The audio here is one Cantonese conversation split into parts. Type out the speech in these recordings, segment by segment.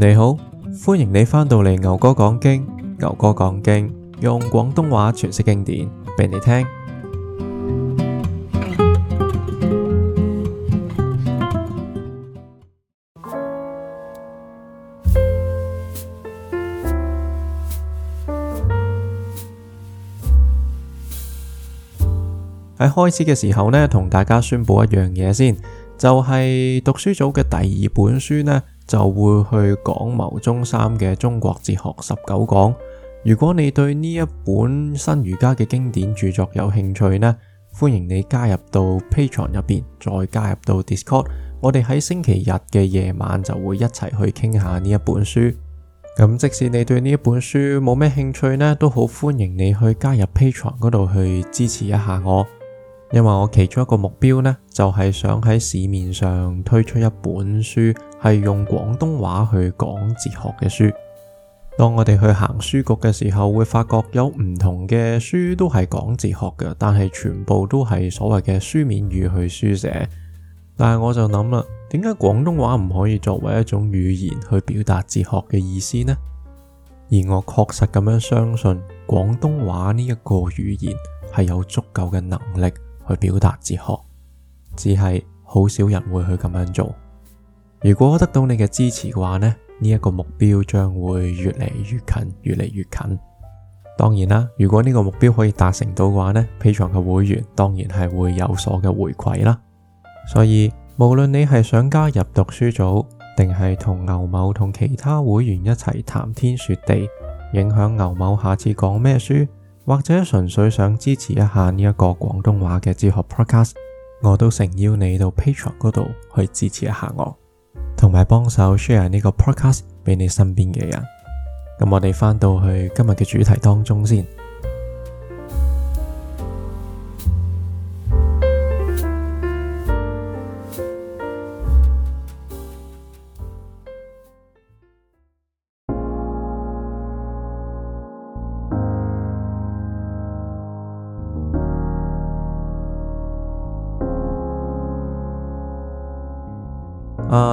你好，歡迎你翻到嚟牛哥講經。牛哥講經，用廣東話詮釋經典畀你聽。喺 開始嘅時候呢，同大家宣布一樣嘢先。就係讀書組嘅第二本書呢，就會去講牟宗三嘅《中國哲學十九講》。如果你對呢一本新儒家嘅經典著作有興趣呢，歡迎你加入到 Patreon 入邊，再加入到 Discord。我哋喺星期日嘅夜晚就會一齊去傾下呢一本書。咁即使你對呢一本書冇咩興趣呢，都好歡迎你去加入 Patreon 嗰度去支持一下我。因為我其中一個目標呢，就係想喺市面上推出一本書，係用廣東話去講哲學嘅書。當我哋去行書局嘅時候，會發覺有唔同嘅書都係講哲學嘅，但係全部都係所謂嘅書面語去書寫。但係我就諗啦，點解廣東話唔可以作為一種語言去表達哲學嘅意思呢？而我確實咁樣相信廣東話呢一個語言係有足夠嘅能力。去表達哲學，只係好少人會去咁樣做。如果得到你嘅支持嘅話呢，呢一個目標將會越嚟越近，越嚟越近。當然啦，如果呢個目標可以達成到嘅話呢，Patreon 嘅會員當然係會有所嘅回饋啦。所以無論你係想加入讀書組，定係同牛某同其他會員一齊談天說地，影響牛某下次講咩書。或者純粹想支持一下呢一個廣東話嘅哲學 podcast，我都誠邀你到 Patreon 嗰度去支持一下我，同埋幫手 share 呢個 podcast 俾你身邊嘅人。咁我哋返到去今日嘅主題當中先。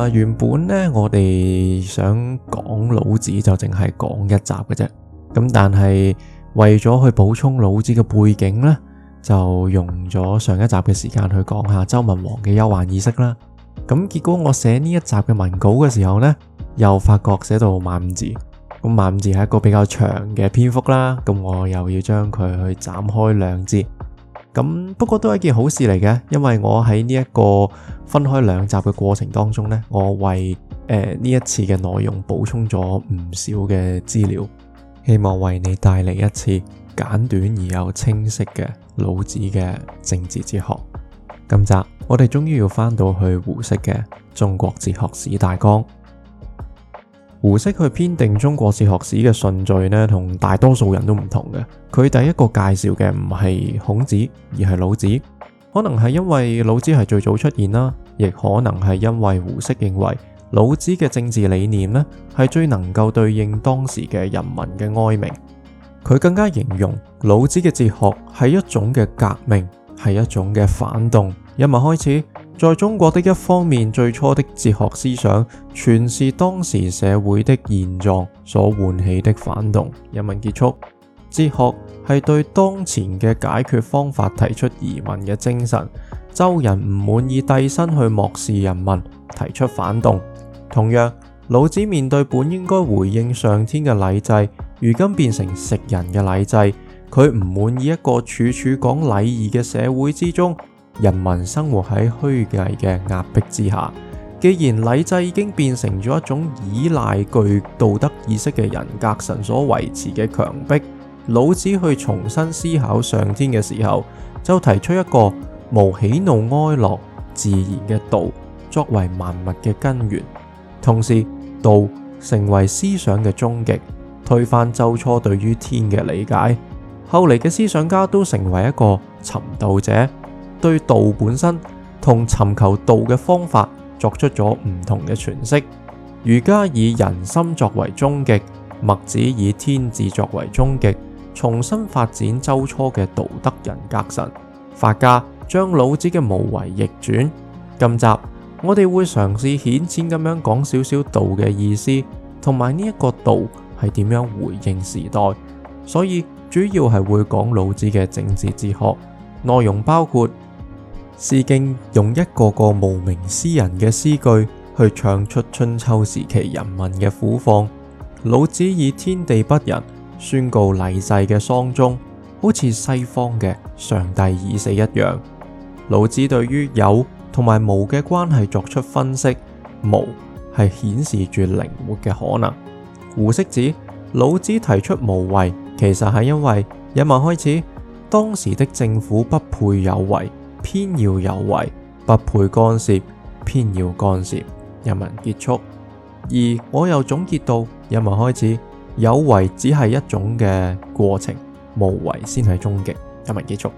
原本咧，我哋想講老子就淨係講一集嘅啫，咁但係為咗去補充老子嘅背景咧，就用咗上一集嘅時間去講下周文王嘅憂患意識啦。咁結果我寫呢一集嘅文稿嘅時候咧，又發覺寫到萬五字，咁萬五字係一個比較長嘅篇幅啦，咁我又要將佢去斬開兩節。咁不過都係一件好事嚟嘅，因為我喺呢一個分開兩集嘅過程當中呢，我為誒呢、呃、一次嘅內容補充咗唔少嘅資料，希望為你帶嚟一次簡短而又清晰嘅老子嘅政治哲學。今集我哋終於要翻到去胡適嘅中國哲學史大綱。胡適去編定中國哲學史嘅順序呢，同大多數人都唔同嘅。佢第一個介紹嘅唔係孔子，而係老子。可能係因為老子係最早出現啦，亦可能係因為胡適認為老子嘅政治理念呢係最能夠對應當時嘅人民嘅哀鳴。佢更加形容老子嘅哲學係一種嘅革命，係一種嘅反動。一直開始。在中國的一方面，最初的哲學思想，全是當時社會的現狀所喚起的反動。人民結束哲學係對當前嘅解決方法提出疑問嘅精神。周人唔滿意帝辛去漠視人民，提出反動。同樣，老子面對本應該回應上天嘅禮制，如今變成食人嘅禮制，佢唔滿意一個處處講禮儀嘅社會之中。人民生活喺虛偽嘅壓迫之下，既然禮制已經變成咗一種依賴具道德意識嘅人格神所維持嘅強迫，老子去重新思考上天嘅時候，就提出一個無喜怒哀樂自然嘅道作為萬物嘅根源，同時道成為思想嘅終極，推翻周初對於天嘅理解，後嚟嘅思想家都成為一個尋道者。對道本身同尋求道嘅方法作出咗唔同嘅詮釋。儒家以仁心作為終極，墨子以天志作為終極，重新發展周初嘅道德人格神。法家將老子嘅無為逆轉。今集我哋會嘗試顯淺咁樣講少少道嘅意思，同埋呢一個道係點樣回應時代。所以主要係會講老子嘅政治哲學，內容包括。詩經用一個個無名詩人嘅詩句去唱出春秋時期人民嘅苦況。老子以天地不仁宣告禮制嘅喪鐘，好似西方嘅上帝已死一樣。老子對於有同埋無嘅關係作出分析，無係顯示住靈活嘅可能。胡適指老子提出無為，其實係因為引文開始，當時的政府不配有為。偏要有為，不配干涉，偏要干涉。人民結束，而我又總結到，人民開始有為，只係一種嘅過程，無為先係終極。人民結束，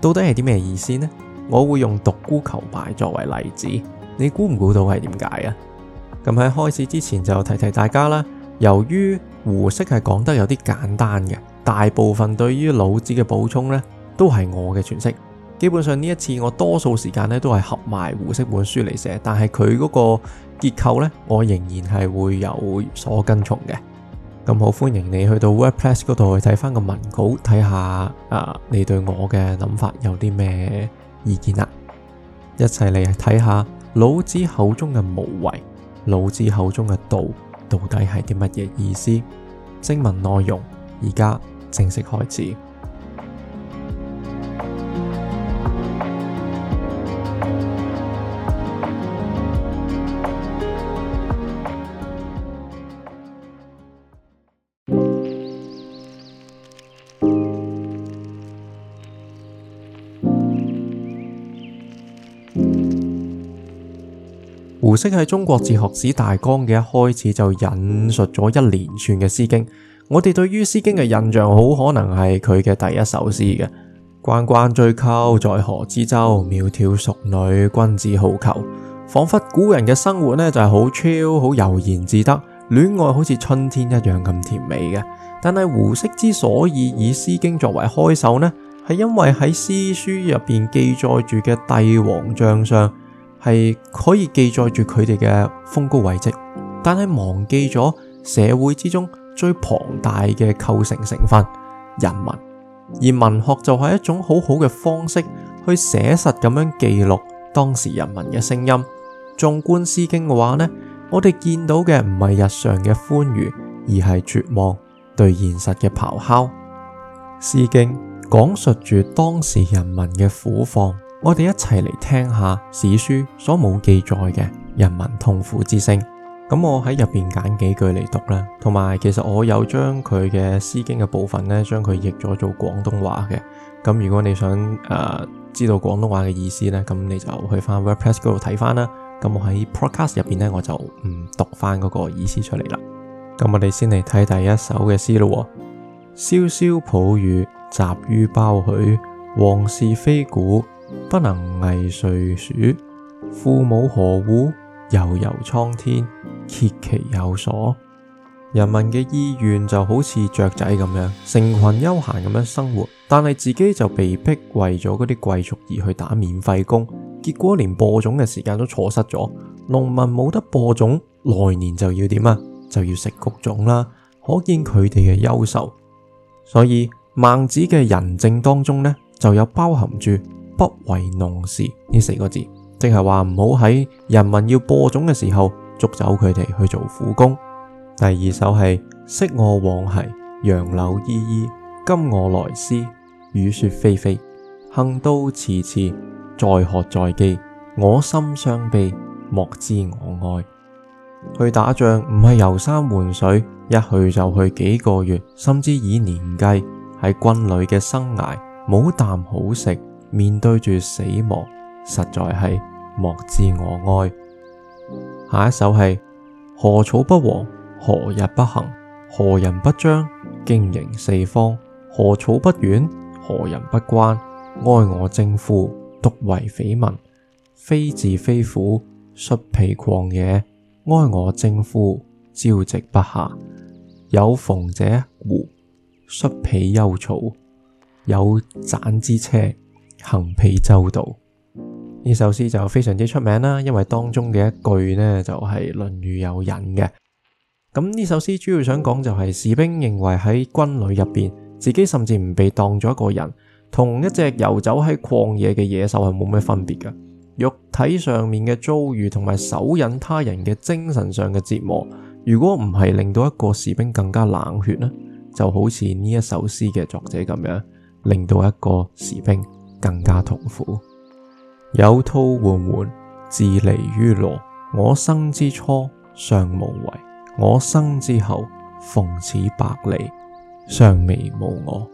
到底係啲咩意思呢？我會用獨孤求敗作為例子，你估唔估到係點解啊？咁喺開始之前就提提大家啦。由於胡適係講得有啲簡單嘅，大部分對於老子嘅補充呢，都係我嘅詮釋。基本上呢一次我多數時間咧都係合埋胡適本書嚟寫，但係佢嗰個結構呢，我仍然係會有所跟從嘅。咁好，歡迎你去到 WordPress 嗰度去睇翻個文稿，睇下啊，你對我嘅諗法有啲咩意見啊？一齊嚟睇下老子口中嘅無為，老子口中嘅道到底係啲乜嘢意思？正文內容而家正式開始。胡適喺中國哲學史大綱嘅一開始就引述咗一連串嘅詩經，我哋對於詩經嘅印象好可能係佢嘅第一首詩嘅“關關雎鳩，在河之洲，窈窕淑女，君子好逑”，仿佛古人嘅生活呢，就係好 chill 好悠然自得，戀愛好似春天一樣咁甜美嘅。但係胡適之所以以詩經作為開首呢，係因為喺詩書入邊記載住嘅帝王將相。係可以記載住佢哋嘅豐功偉績，但係忘記咗社會之中最龐大嘅構成成分，人民。而文學就係一種好好嘅方式，去寫實咁樣記錄當時人民嘅聲音。縱觀《詩經》嘅話呢，我哋見到嘅唔係日常嘅歡愉，而係絕望，對現實嘅咆哮。《詩經》講述住當時人民嘅苦況。我哋一齊嚟聽下史書所冇記載嘅人民痛苦之聲。咁我喺入面揀幾句嚟讀啦，同埋其實我有將佢嘅詩經嘅部分呢，將佢譯咗做廣東話嘅。咁如果你想、呃、知道廣東話嘅意思呢，咁你就去翻 WordPress 嗰度睇翻啦。咁我喺 Podcast 入邊呢，我就唔讀翻嗰個意思出嚟啦。咁我哋先嚟睇第一首嘅詩咯。蕭蕭鴇羽，集于苞栩，王事非古，不能蓺稷黍，父母何怙？悠悠蒼天，曷其有所。人民嘅意願就好似雀仔咁樣，成群悠閒咁樣生活，但係自己就被迫為咗嗰啲貴族而去打免費工，結果連播種嘅時間都錯失咗。農民冇得播種，來年就要點啊？就要食谷種啦。可見佢哋嘅憂愁。所以孟子嘅仁政當中呢，就有包含住。不為農事呢四個字，即係話唔好喺人民要播種嘅時候捉走佢哋去做苦工。第二首係《昔我往兮，楊柳依依；今我來思，雨雪霏霏。行道遲遲，載渴載飢。我心傷悲，莫知我哀。去打仗唔係遊山玩水，一去就去幾個月，甚至以年計，喺軍旅嘅生涯冇啖好食。面對住死亡，實在係莫知我哀。下一首係：何草不黃？何日不行？何人不將？經營四方？何草不怨？何人不關？哀我征夫，獨為匪民，匪兕匪虎，率彼曠野。哀我征夫，朝夕不暇。有芃者狐，率彼幽草；有棧之車。行彼周道。呢首詩就非常之出名啦，因為當中嘅一句呢，就係、是《論語》有引嘅。咁呢首詩主要想講就係士兵認為喺軍旅入邊，自己甚至唔被當咗一個人，同一隻游走喺曠野嘅野獸係冇咩分別嘅。肉體上面嘅遭遇同埋手引他人嘅精神上嘅折磨，如果唔係令到一個士兵更加冷血呢，就好似呢一首詩嘅作者咁樣，令到一個士兵。更加痛苦。有兔爰爰自離于羅，我生之初尚無為，我生之後逢此百罹，尚微無我。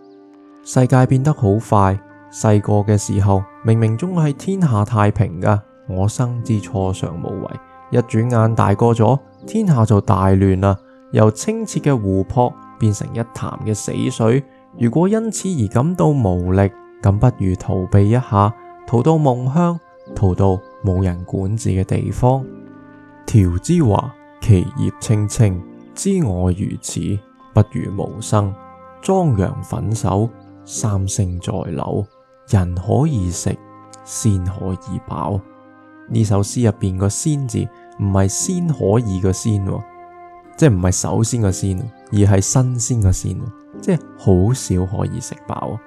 世界變得好快，細個嘅時候，明明仲係天下太平㗎。我生之初尚無為，一轉眼大個咗，天下就大亂啦。由清澈嘅湖泊變成一潭嘅死水，如果因此而感到無力。咁不如逃避一下，逃到夢鄉，逃到冇人管治嘅地方。條華《苕之華，其葉青青。知我如此，不如無生。》《牂羊墳首，三星在罶。人可以食，鮮可以飽。》呢首詩入邊個鮮字，唔係鮮可以嘅鮮，即係唔係首先嘅鮮，而係新鮮嘅鮮，即係好少可以食飽。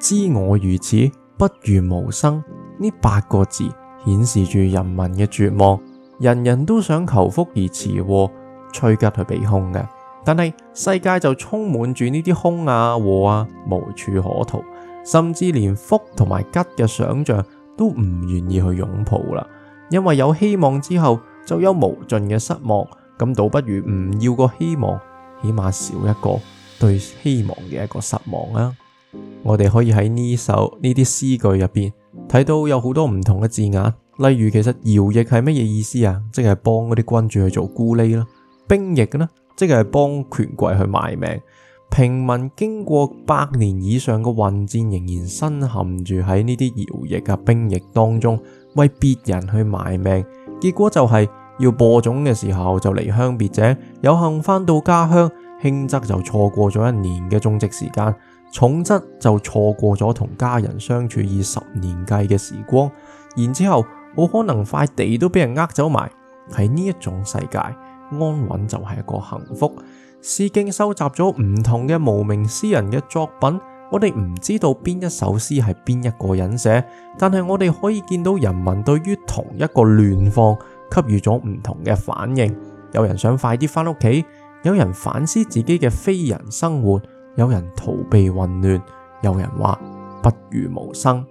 知我如此，不如無生。呢八個字顯示住人民嘅絕望，人人都想求福而辭禍，趨吉去避凶嘅。但係世界就充滿住呢啲凶啊禍啊，無處可逃，甚至連福同埋吉嘅想象都唔願意去擁抱啦。因為有希望之後就有無盡嘅失望，咁倒不如唔要個希望，起碼少一個對希望嘅一個失望啊。我哋可以喺呢首呢啲詩句入邊睇到有好多唔同嘅字眼，例如其實徭役係乜嘢意思啊？即係幫嗰啲君主去做咕喱啦，兵役呢，即係幫權貴去賣命。平民經過百年以上嘅混戰，仍然深陷住喺呢啲徭役啊兵役當中，為別人去賣命。結果就係要播種嘅時候就離鄉別井，有幸翻到家鄉，輕則就錯過咗一年嘅種植時間。重則就錯過咗同家人相處以十年計嘅時光，然之後好可能塊地都俾人呃走埋。喺呢一種世界，安穩就係一個幸福。詩經收集咗唔同嘅無名詩人嘅作品，我哋唔知道邊一首詩係邊一個人寫，但係我哋可以見到人民對於同一個亂況給予咗唔同嘅反應。有人想快啲翻屋企，有人反思自己嘅非人生活。有人逃避混亂，有人話不如無生。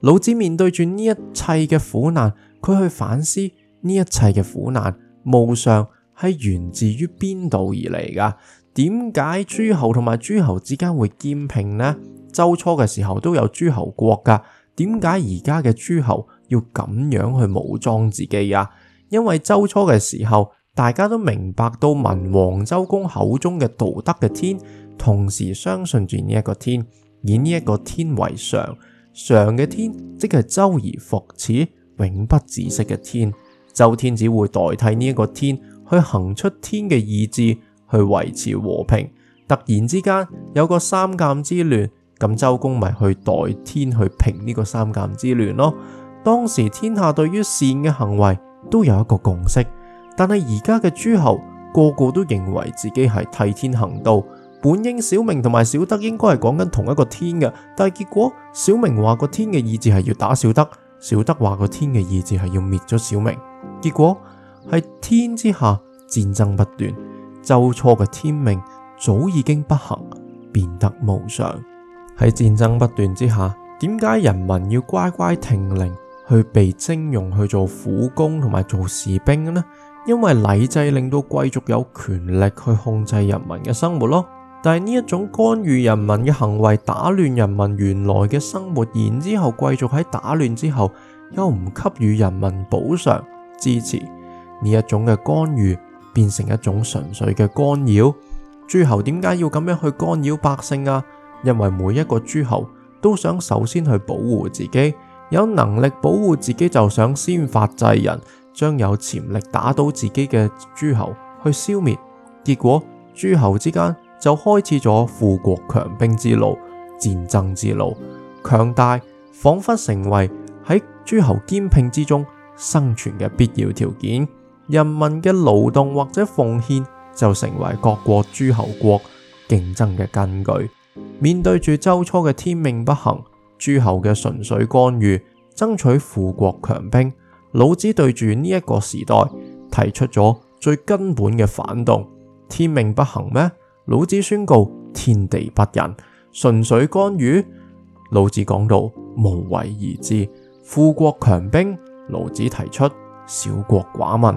老子面對住呢一切嘅苦難，佢去反思呢一切嘅苦難，無常係源自於邊度而嚟噶？點解諸侯同埋諸侯之間會兼併呢？周初嘅時候都有諸侯國噶，點解而家嘅諸侯要咁樣去武裝自己啊？因為周初嘅時候，大家都明白到文王周公口中嘅道德嘅天。同時相信住呢一個天，以呢一個天為常，常嘅天即係周而復始、永不止息嘅天。周天子會代替呢一個天去行出天嘅意志，去維持和平。突然之間有個三監之亂，咁周公咪去代天去平呢個三監之亂咯。當時天下對於善嘅行為都有一個共識，但係而家嘅諸侯個個都認為自己係替天行道。本應小明同埋小德應該係講緊同一個天嘅，但係結果小明話個天嘅意志係要打小德，小德話個天嘅意志係要滅咗小明。結果喺天之下戰爭不斷，周初嘅天命早已經不行，變得無常。喺戰爭不斷之下，點解人民要乖乖聽令去被徵用去做苦工同埋做士兵嘅呢？因為禮制令到貴族有權力去控制人民嘅生活咯。但係呢一種干預人民嘅行為，打亂人民原來嘅生活，然之後貴族喺打亂之後又唔給予人民補償支持，呢一種嘅干預變成一種純粹嘅干擾。諸侯點解要咁樣去干擾百姓啊？因為每一個諸侯都想首先去保護自己，有能力保護自己就想先發制人，將有潛力打倒自己嘅諸侯去消滅。結果，諸侯之間。就開始咗富國強兵之路、戰爭之路，強大仿佛成為喺諸侯兼併之中生存嘅必要條件。人民嘅勞動或者奉獻就成為各國諸侯國競爭嘅根據。面對住周初嘅天命不行，諸侯嘅純粹干預，爭取富國強兵，老子對住呢一個時代提出咗最根本嘅反動：天命不行咩？老子宣告天地不仁，純粹干預。老子講到無為而治，富國強兵。老子提出小國寡民。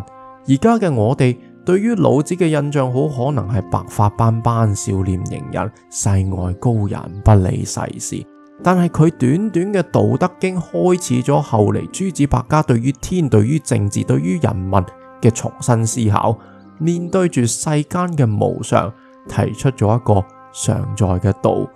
而家嘅我哋對於老子嘅印象，好可能係白髮斑斑、笑臉迎人、世外高人、不理世事。但係佢短短嘅《道德經》開始咗後嚟諸子百家對於天、對於政治、對於人民嘅重新思考。面對住世間嘅無常。提出咗一個常在嘅道。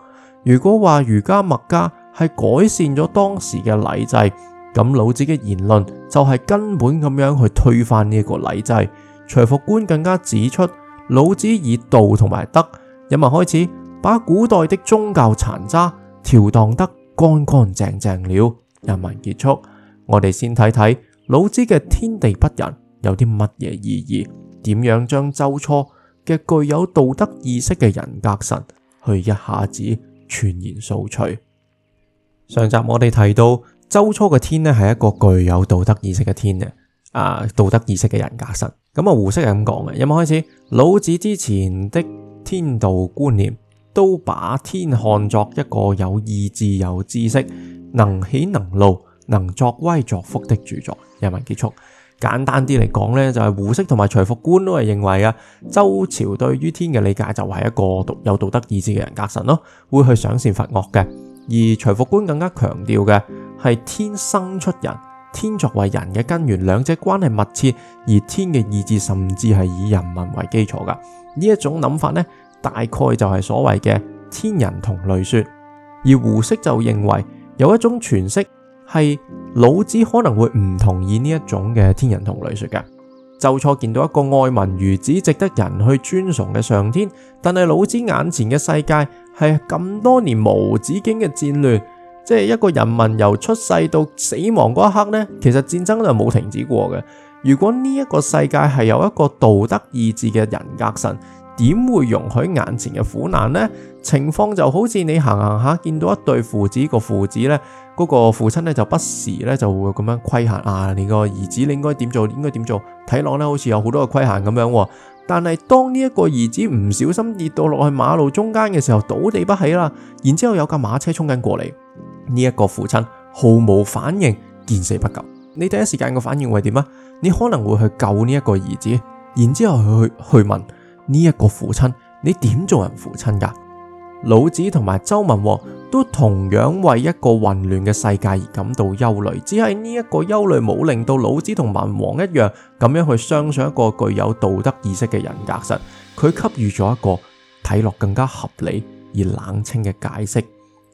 如果話儒家、墨家係改善咗當時嘅禮制，咁老子嘅言論就係根本咁樣去推翻呢一個禮制。徐復觀更加指出，老子以道同埋德，引文開始把古代的宗教殘渣調蕩得乾乾淨淨了。引文結束，我哋先睇睇老子嘅天地不仁有啲乜嘢意義，點樣將周初嘅具有道德意識嘅人格神，去一下子全然掃除。上集我哋提到周初嘅天呢係一個具有道德意識嘅天嘅，啊道德意識嘅人格神。咁、嗯、啊，胡適係咁講嘅。有冇開始？ 老子之前的天道觀念，都把天看作一個有意志、有知識、能喜能怒、能作威作福的主宰。有冇結束？簡單啲嚟講呢就係胡適同埋徐復觀都係認為啊，周朝對於天嘅理解就係一個有道德意志嘅人格神咯，會去賞善罰惡嘅。而徐復觀更加強調嘅係天生出人，天作為人嘅根源，兩者關係密切，而天嘅意志甚至係以人民為基礎噶。呢一種諗法呢，大概就係所謂嘅天人同類說。而胡適就認為有一種詮釋。係老子可能會唔同意呢一種嘅天人同類說嘅，就錯見到一個愛民如子、值得人去尊崇嘅上天，但係老子眼前嘅世界係咁多年無止境嘅戰亂，即係一個人民由出世到死亡嗰一刻呢，其實戰爭就冇停止過嘅。如果呢一個世界係有一個道德意志嘅人格神，點會容許眼前嘅苦難呢？情況就好似你行行下見到一對父子，個父子呢。嗰個父親咧就不時咧就會咁樣規限啊，你個兒子，你應該點做，應該點做，睇落咧，好似有好多嘅規限咁樣。但係當呢一個兒子唔小心跌到落去馬路中間嘅時候，倒地不起啦。然之後有架馬車衝緊過嚟，呢一個父親毫無反應，見死不救。你第一時間嘅反應會點啊？你可能會去救呢一個兒子，然之後去去問呢一個父親，你點做人父親噶？老子同埋周文都同樣為一個混亂嘅世界而感到憂慮，只係呢一個憂慮冇令到老子同文王一樣咁樣去相信一個具有道德意識嘅人格神，佢給予咗一個睇落更加合理而冷清嘅解釋，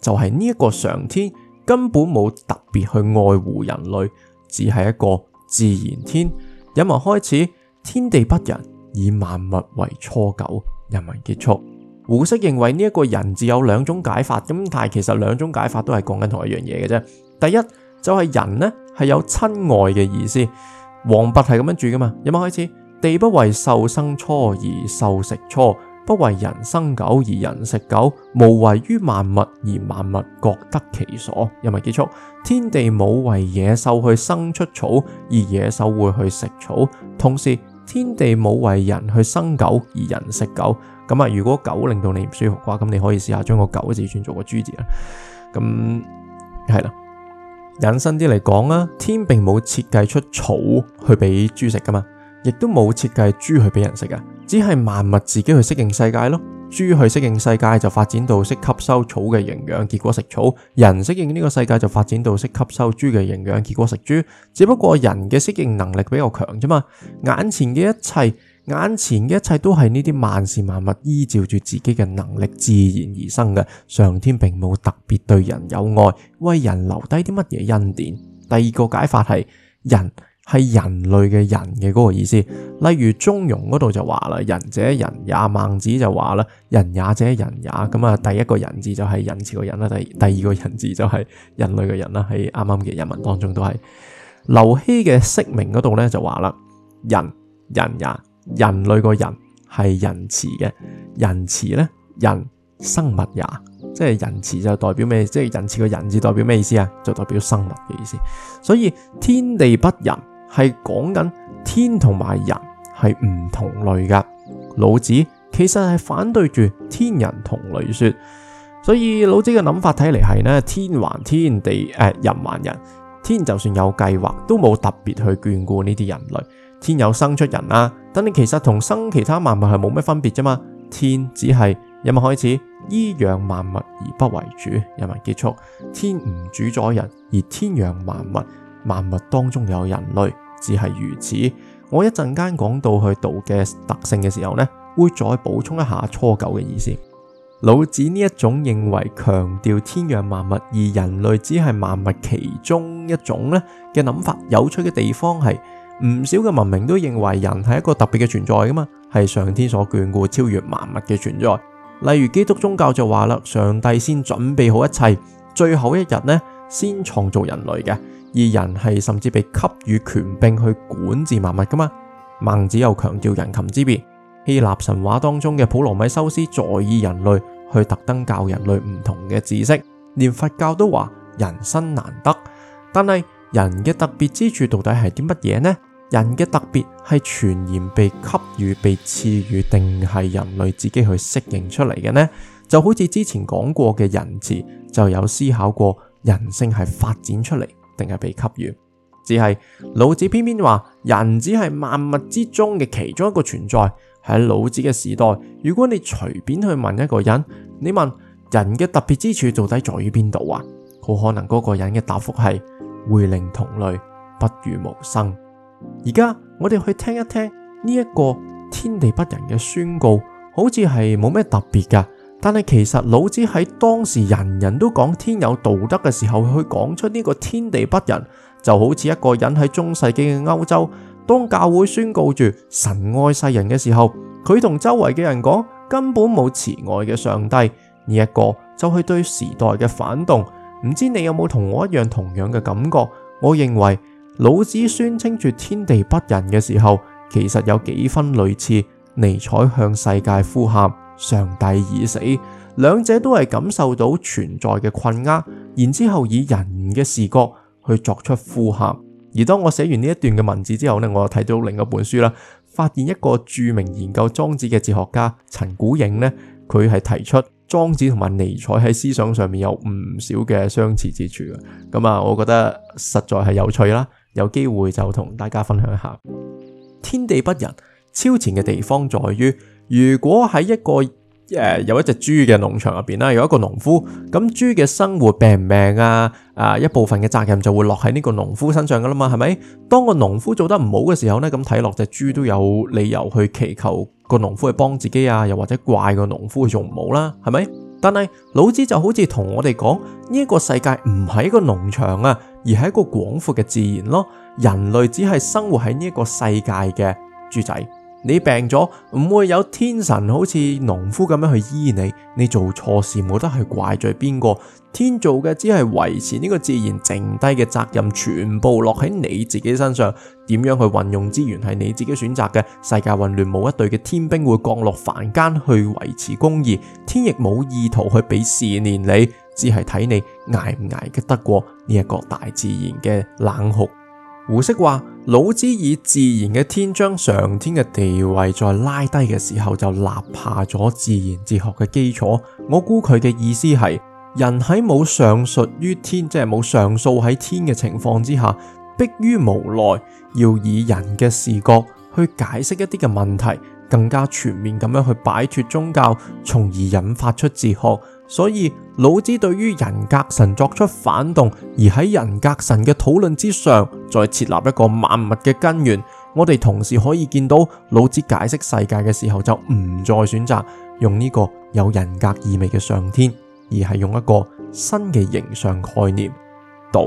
就係呢一個上天根本冇特別去愛護人類，只係一個自然天。引文開始，天地不仁，以萬物為芻狗」。引文結束。胡適認為呢一個人字有兩種解法，咁但係其實兩種解法都係講緊同一樣嘢嘅啫。第一就係、是、人呢係有親愛嘅意思，王弼係咁樣注噶嘛。有文開始，地不為獸生芻，而獸食芻；不為人生狗，而人食狗；無為於萬物而萬物各得其所。有文結束，天地冇為野獸去生出草而野獸會去食草，同時天地冇為人去生狗而人食狗。咁啊，如果狗令到你唔舒服嘅話，咁你可以試下將個狗字轉做個豬字啦。咁係啦，引申啲嚟講啦。天並冇設計出草去俾豬食噶嘛，亦都冇設計豬去俾人食噶，只係萬物自己去適應世界咯。豬去適應世界就發展到識吸收草嘅營養，結果食草；人適應呢個世界就發展到識吸收豬嘅營養，結果食豬。只不過人嘅適應能力比較強啫嘛，眼前嘅一切。眼前一切都係呢啲萬事萬物依照住自己嘅能力自然而生嘅。上天並冇特別對人有愛，為人留低啲乜嘢恩典。第二個解法係仁係人類嘅人嘅嗰個意思。例如中庸嗰度就話啦，仁者人也。孟子就話啦，仁也者人也。咁啊，第一個人字就係仁慈嘅仁啦，第第二個人字就係人類嘅人啦，喺啱啱嘅人文當中都係劉熙嘅釋名嗰度咧就話啦，人人也。人類個人係仁慈嘅。仁慈呢，「仁生物也」，即係仁慈就代表咩？即係仁慈嘅仁字代表咩意思啊？就代表生物嘅意思。所以天地不仁，係講緊天同埋人係唔同類噶。老子其實係反對住天人同類說，所以老子嘅諗法睇嚟係呢，天還天地誒、呃、人還人，天就算有計劃都冇特別去眷顧呢啲人類。天有生出人啊，等你其實同生其他萬物係冇咩分別啫嘛。天只係一文開始，衣養萬物而不為主；一文結束，天唔主宰人，而天養萬物。萬物當中有人類，只係如此。我一陣間講到去道嘅特性嘅時候呢，會再補充一下初九嘅意思。老子呢一種認為強調天養萬物，而人類只係萬物其中一種咧嘅諗法，有趣嘅地方係。唔少嘅文明都認為人係一個特別嘅存在噶嘛，係上天所眷顧、超越萬物嘅存在。例如基督宗教就話啦，上帝先準備好一切，最後一日呢，先創造人類嘅，而人係甚至被給予權柄去管治萬物噶嘛。孟子又強調人禽之別，希臘神話當中嘅普羅米修斯在意人類去特登教人類唔同嘅知識，連佛教都話人生難得，但係。人嘅特別之處到底係啲乜嘢呢？人嘅特別係傳言被給予、被賜予，定係人類自己去適應出嚟嘅呢？就好似之前講過嘅仁慈，就有思考過人性係發展出嚟，定係被給予？只係老子偏偏話，人只係萬物之中嘅其中一個存在。喺老子嘅時代，如果你隨便去問一個人，你問人嘅特別之處到底在於邊度啊？好可能嗰個人嘅答覆係。會令同類不如無生。而家我哋去聽一聽呢一個天地不仁嘅宣告，好似係冇咩特別噶。但係其實老子喺當時人人都講天有道德嘅時候，去講出呢個天地不仁，就好似一個人喺中世紀嘅歐洲，當教會宣告住神愛世人嘅時候，佢同周圍嘅人講根本冇慈愛嘅上帝，呢一個就係對時代嘅反動。唔知你有冇同我一樣同樣嘅感覺？我認為老子宣稱住天地不仁嘅時候，其實有幾分類似尼采向世界呼喊上帝已死，兩者都係感受到存在嘅困厄，然之後以人嘅視角去作出呼喊。而當我寫完呢一段嘅文字之後呢，我又睇到另一本書啦，發現一個著名研究莊子嘅哲學家陳鼓應呢。佢係提出莊子同埋尼采喺思想上面有唔少嘅相似之處嘅，咁啊，我覺得實在係有趣啦，有機會就同大家分享一下。天地不仁，超前嘅地方在於，如果喺一個誒、呃、有一隻豬嘅農場入邊啦，有一個農夫，咁豬嘅生活病唔病啊？啊，一部分嘅責任就會落喺呢個農夫身上噶啦嘛，係咪？當個農夫做得唔好嘅時候呢，咁睇落隻豬都有理由去祈求。個農夫去幫自己啊，又或者怪個農夫去做唔好啦，係咪？但係老子就好似同我哋講，呢一個世界唔係一個農場啊，而係一個廣闊嘅自然咯，人類只係生活喺呢一個世界嘅豬仔。你病咗唔會有天神好似農夫咁樣去醫你，你做錯事冇得去怪罪邊個，天做嘅只係維持呢個自然剩低，嘅責任全部落喺你自己身上。點樣去運用資源係你自己選擇嘅，世界混亂冇一隊嘅天兵會降落凡間去維持公義，天亦冇意圖去俾試煉你，只係睇你挨唔挨得過呢一個大自然嘅冷酷。胡適話。老子以自然嘅天將上天嘅地位再拉低嘅時候，就立下咗自然哲學嘅基礎。我估佢嘅意思係，人喺冇上訴於天，即係冇上訴喺天嘅情況之下，迫於無奈，要以人嘅視覺去解釋一啲嘅問題，更加全面咁樣去擺脫宗教，從而引發出哲學。所以老子對於人格神作出反動，而喺人格神嘅討論之上，再設立一個萬物嘅根源。我哋同時可以見到，老子解釋世界嘅時候就唔再選擇用呢個有人格意味嘅上天，而係用一個新嘅形象概念道。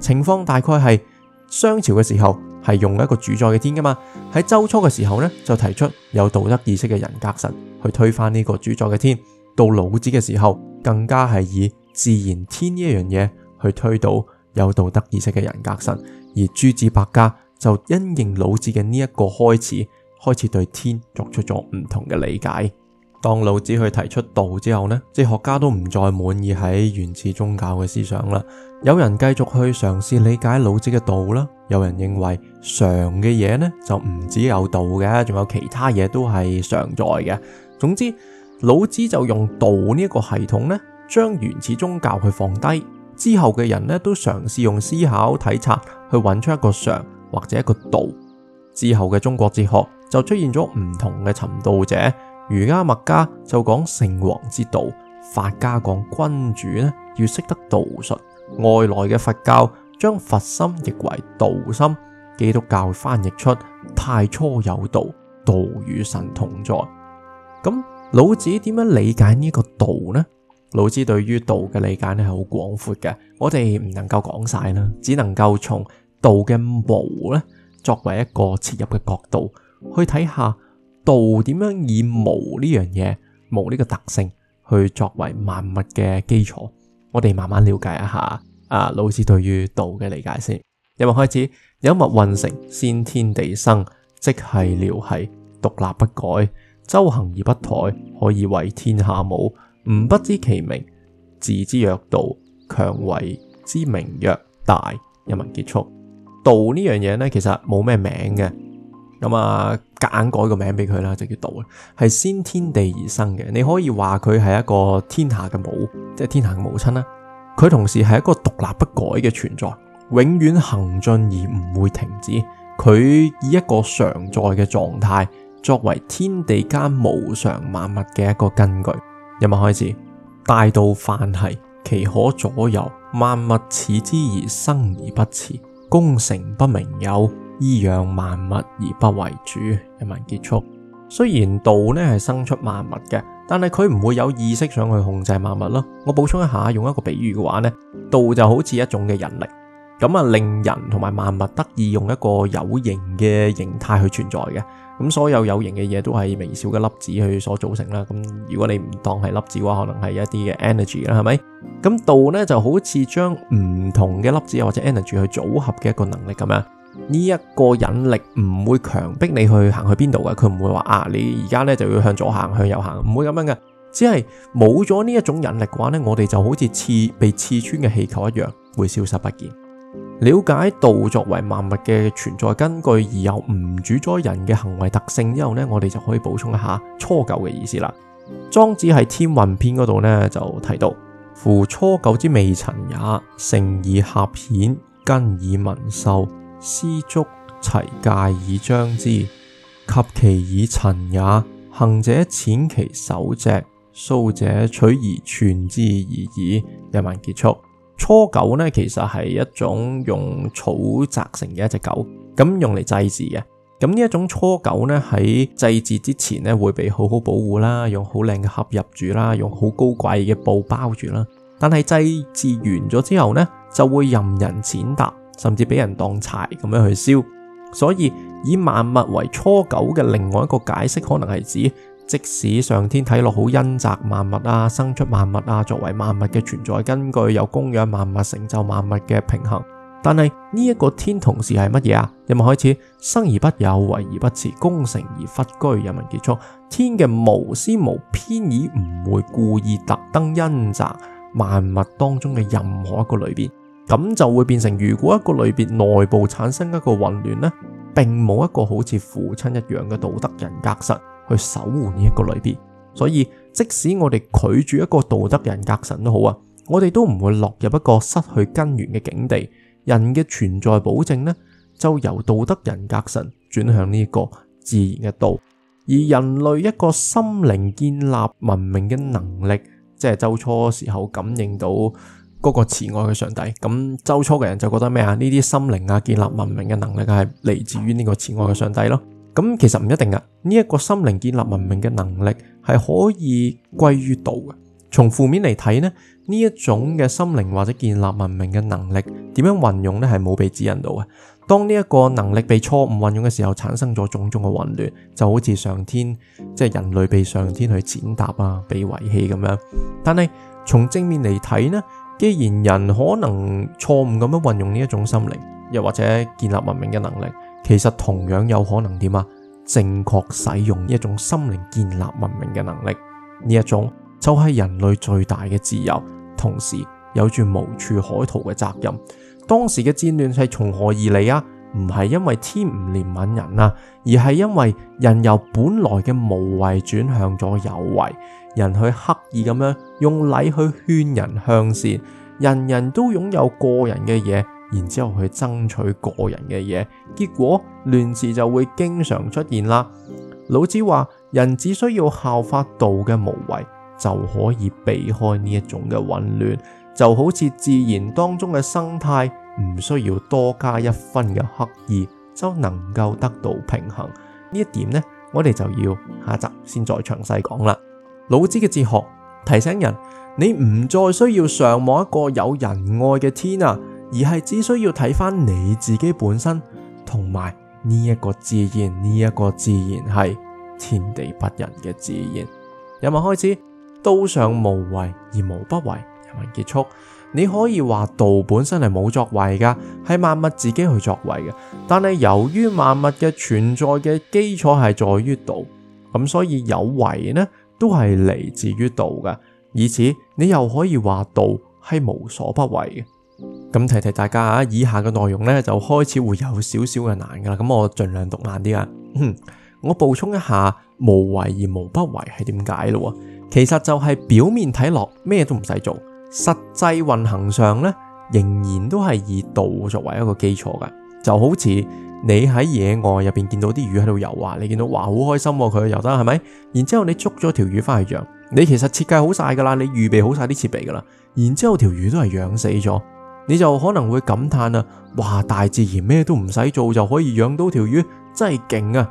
情況大概係商朝嘅時候係用一個主宰嘅天噶嘛，喺周初嘅時候呢就提出有道德意識嘅人格神去推翻呢個主宰嘅天。到老子嘅時候，更加係以自然天呢一樣嘢，去推導有道德意識嘅人格神，而諸子百家就因應老子嘅呢一個開始，開始對天作出咗唔同嘅理解。當老子去提出道之後呢，哲學家都唔再滿意喺原始宗教嘅思想啦。有人繼續去嘗試理解老子嘅道啦，有人認為常嘅嘢呢就唔只有道嘅，仲有其他嘢都係常在嘅。總之。老子就用道呢一個系統呢，將原始宗教去放低之後嘅人呢，都嘗試用思考體察去揾出一個常或者一個道。之後嘅中國哲學就出現咗唔同嘅尋道者，儒家、墨家就講聖王之道，法家講君主呢要識得道術，外來嘅佛教將,將佛心譯為道心，基督教翻譯出太初有道，道與神同在，咁、嗯。老子點樣理解呢個道呢？老子對於道嘅理解呢係好廣闊嘅，我哋唔能夠講晒啦,只能夠從道嘅無呢作為一個切入嘅角度去睇下道點樣以無呢樣嘢、無呢個特性去作為萬物嘅基礎。我哋慢慢了解一下啊！老子對於道嘅理解先。有物開始，有物混成，先天地生，寂兮寥兮，獨立不改。周行而不殆，可以為天下母。吾不知其名，字之曰道。強為之名曰大。一文結束。道呢樣嘢呢，其實冇咩名嘅。咁啊，夾硬改個名俾佢啦，就叫道啦。係先天地而生嘅，你可以話佢係一個天下嘅母，即係天下嘅母親啦。佢同時係一個獨立不改嘅存在，永遠行進而唔會停止。佢以一個常在嘅狀態。作為天地間無常萬物嘅一個根據，引文開始，大道泛兮，其可左右；萬物恃之而生而不辭，功成不名有，衣養萬物而不為主。引文結束。雖然道呢係生出萬物嘅，但係佢唔會有意識想去控制萬物咯。我補充一下，用一個比喻嘅話呢，道就好似一種嘅人力，咁啊，令人同埋萬物得以用一個有形嘅形態去存在嘅。咁所有有形嘅嘢都係微小嘅粒子去所組成啦。咁如果你唔當係粒子嘅話，可能係一啲嘅 energy 啦，係咪？咁道呢就好似將唔同嘅粒子或者 energy 去組合嘅一個能力咁樣。呢一個引力唔會強迫你去行去邊度嘅，佢唔會話啊，你而家呢就要向左行向右行，唔會咁樣嘅。只係冇咗呢一種引力嘅話呢，我哋就好似刺被刺穿嘅氣球一樣，會消失不見。了解道作為萬物嘅存在根據，而有唔主宰人嘅行為特性之後呢，我哋就可以補充一下芻狗嘅意思啦。莊子喺《天運篇》嗰度呢，就提到：「夫芻狗之未陳也，盛以篋衍，巾以文繡，尸祝齊戒以將之，及其已陳也，行者踐其首脊，蘇者取而爨之而已。」引文結束。芻狗呢，其實係一種用草紮成嘅一隻狗，咁用嚟祭祀嘅。咁呢一種芻狗呢，喺祭祀之前呢，會被好好保護啦，用好靚嘅盒入住啦，用好高貴嘅布包住啦。但係祭祀完咗之後呢，就會任人踐踏，甚至俾人當柴咁樣去燒。所以以萬物為芻狗嘅另外一個解釋，可能係指。即使上天睇落好恩澤萬物啊，生出萬物啊，作為萬物嘅存在根據，有供養萬物，成就萬物嘅平衡。但係呢一個天同時係乜嘢啊？人民開始生而不有，為而不恃，功成而弗居。人民結束天嘅無私無偏，已唔會故意特登恩澤萬物當中嘅任何一個類別。咁就會變成，如果一個類別內部產生一個混亂咧，並冇一個好似父親一樣嘅道德人格神，去守護呢一個裏邊，所以即使我哋拒絕一個道德人格神都好啊，我哋都唔會落入一個失去根源嘅境地。人嘅存在保證呢，就由道德人格神轉向呢一個自然嘅道。而人類一個心靈建立文明嘅能力，即係周初時候感應到嗰個慈愛嘅上帝。咁周初嘅人就覺得咩啊？呢啲心靈啊，建立文明嘅能力，係嚟自於呢個慈愛嘅上帝咯。咁其實唔一定噶，呢一個心靈建立文明嘅能力係可以歸於道嘅。從負面嚟睇咧，呢一種嘅心靈或者建立文明嘅能力點樣運用咧，係冇被指引到嘅。當呢一個能力被錯誤運用嘅時候，產生咗種種嘅混亂，就好似上天即係人類被上天去踐踏啊，被遺棄咁樣。但係從正面嚟睇咧，既然人可能錯誤咁樣運用呢一種心靈，又或者建立文明嘅能力。其實同樣有可能點啊？正確使用呢一種心靈建立文明嘅能力，呢一種就係人類最大嘅自由，同時有住無處可逃嘅責任。當時嘅戰亂係從何而嚟啊？唔係因為天唔憐憫人啊，而係因為人由本來嘅無為轉向咗有為，人去刻意咁樣用禮去勸人向善，人人都擁有個人嘅嘢。然之後去爭取個人嘅嘢，結果亂事就會經常出現啦。老子話：人只需要效法道嘅無為，就可以避開呢一種嘅混亂。就好似自然當中嘅生態，唔需要多加一分嘅刻意，就能夠得到平衡。呢一點呢，我哋就要下集先再詳細講啦。老子嘅哲學提醒人：你唔再需要上望一個有仁愛嘅天啊！而係只需要睇翻你自己本身，同埋呢一個自然，呢一個自然係天地不仁嘅自然。引文開始，道上無為而無不為，引文結束，你可以話道本身係冇作為噶，係萬物自己去作為嘅。但係由於萬物嘅存在嘅基礎係在於道，咁所以有為呢都係嚟自於道嘅。以此，你又可以話道係無所不為嘅。咁提提大家啊，以下嘅內容呢，就開始會有少少嘅難噶啦。咁我儘量讀慢啲啊。嗯，我補充一下，無為而無不為係點解咯？其實就係表面睇落咩都唔使做，實際運行上呢，仍然都係以道作為一個基礎噶。就好似你喺野外入邊見到啲魚喺度遊啊，你見到哇好開心，啊，佢遊得係咪？然之後你捉咗條魚翻去養，你其實設計好晒噶啦，你預備好晒啲設備噶啦，然之後條魚都係養死咗。你就可能會感嘆啦，哇！大自然咩都唔使做就可以養到條魚，真係勁啊！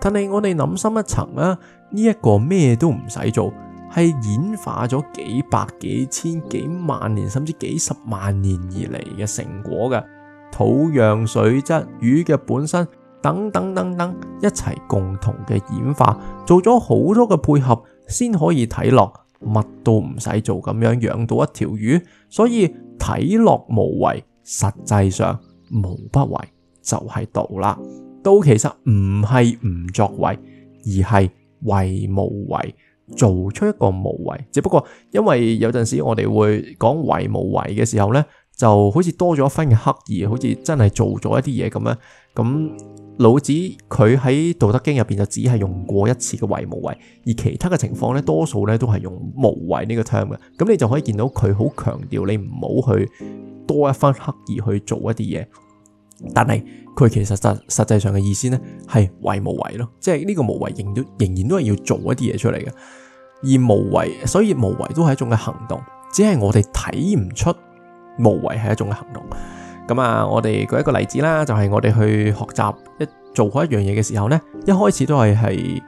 但係我哋諗深一層啊，呢一個咩都唔使做，係演化咗幾百、幾千、幾萬年，甚至幾十萬年而嚟嘅成果嘅土壤、水質、魚嘅本身等等等等一齊共同嘅演化，做咗好多嘅配合，先可以睇落，乜都唔使做，咁樣養到一條魚，所以睇落無為，實際上無不為就係道啦。道其實唔係唔作為，而係為無為，做出一個無為。只不過因為有陣時我哋會講為無為嘅時候呢，就好似多咗一分嘅刻意，好似真係做咗一啲嘢咁樣咁。老子佢喺《道德經》入邊就只係用過一次嘅為無為，而其他嘅情況咧，多數咧都係用無為呢個 term 嘅。咁你就可以見到佢好強調你唔好去多一分刻意去做一啲嘢，但係佢其實實實際上嘅意思咧係為無為咯。即係呢個無為仍都仍然都係要做一啲嘢出嚟嘅。而無為，所以無為都係一種嘅行動，只係我哋睇唔出無為係一種嘅行動。咁啊！我哋舉一個例子啦，就係、是、我哋去學習一做開一樣嘢嘅時候呢，一開始都係係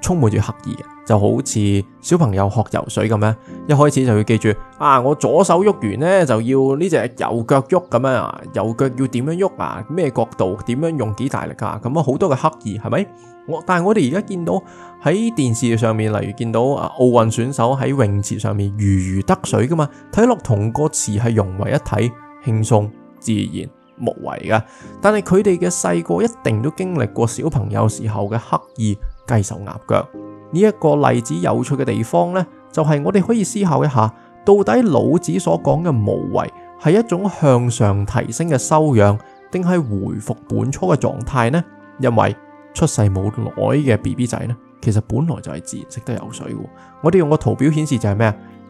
充滿住刻意嘅，就好似小朋友學游水咁樣。一開始就要記住啊，我左手喐完呢，就要呢隻右腳喐咁樣，右腳要點樣喐啊？咩角度？點樣用幾大力啊？咁啊，好多嘅刻意係咪？我但係我哋而家見到喺電視上面，例如見到啊奧運選手喺泳池上面如魚得水噶嘛，睇落同個池係融為一體，輕鬆，自然無為嘅，但係佢哋嘅細個一定都經歷過小朋友時候嘅刻意雞手鴨腳。呢一個例子有趣嘅地方呢，就係我哋可以思考一下，到底老子所講嘅無為係一種向上提升嘅修養，定係回復本初嘅狀態呢？因為出世冇耐嘅 BB 仔呢，其實本來就係自然識得游水嘅。我哋用個圖表顯示就係咩啊？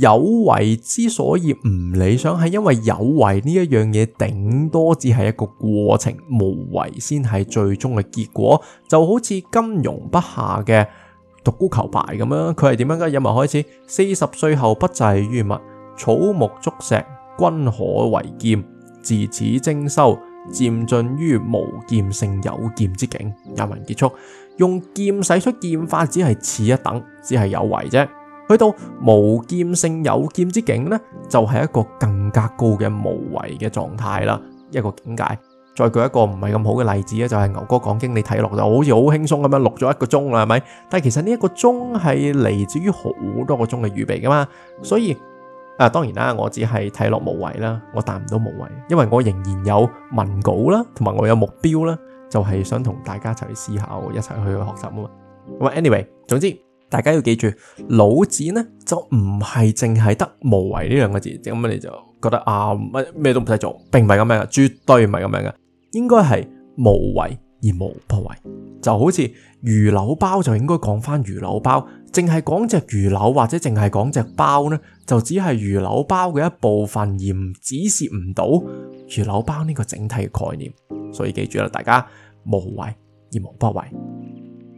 有為之所以唔理想，係因為有為呢一樣嘢頂多只係一個過程，無為先係最終嘅結果。就好似金庸筆下嘅獨孤求敗咁啦，佢係點樣噶？有文開始：四十歲後不滯於物，草木竹石均可為劍，自此精修，漸進於無劍勝有劍之境。有文結束，用劍使出劍法，只係次一等，只係有為啫。去到無劍勝有劍之境咧，就係一個更加高嘅無為嘅狀態啦，一個境界。再舉一個唔係咁好嘅例子咧，就係牛哥講經，你睇落就好似好輕鬆咁樣錄咗一個鐘啦，係咪？但係其實呢一個鐘係嚟自於好多個鐘嘅預備噶嘛。所以啊，當然啦，我只係睇落無為啦，我達唔到無為，因為我仍然有文稿啦，同埋我有目標啦，就係想同大家一齊思考，一齊去學習啊嘛。咁啊，anyway，總之。大家要記住，老子呢就唔係淨係得無為呢兩個字，咁你就覺得啊乜咩都唔使做，並唔係咁樣嘅，絕對唔係咁樣嘅，應該係無為而無不為，就好似魚柳包就應該講翻魚柳包，淨係講隻隻魚柳或者淨係講隻包呢，就只係魚柳包嘅一部分，而唔指示唔到魚柳包呢個整體嘅概念。所以記住啦，大家無為而無不為。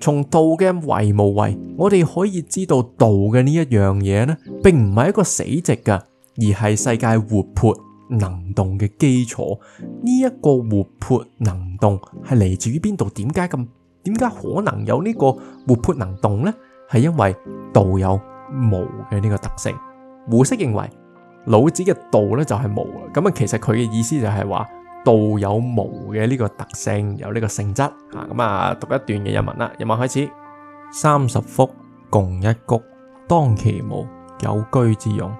從道嘅為無為，我哋可以知道道嘅呢一樣嘢呢並唔係一個死寂噶，而係世界活潑能動嘅基礎。呢一個活潑能動係嚟自於邊度？點解咁？點解可能有呢個活潑能動呢？係因為道有無嘅呢個特性。胡適認為老子嘅道呢就係無啦，咁啊其實佢嘅意思就係話。道有無嘅呢個特性，有呢個性質啊！咁啊，讀一段嘅日文啦。日文開始：三十輻共一轂，當其無，有車之用；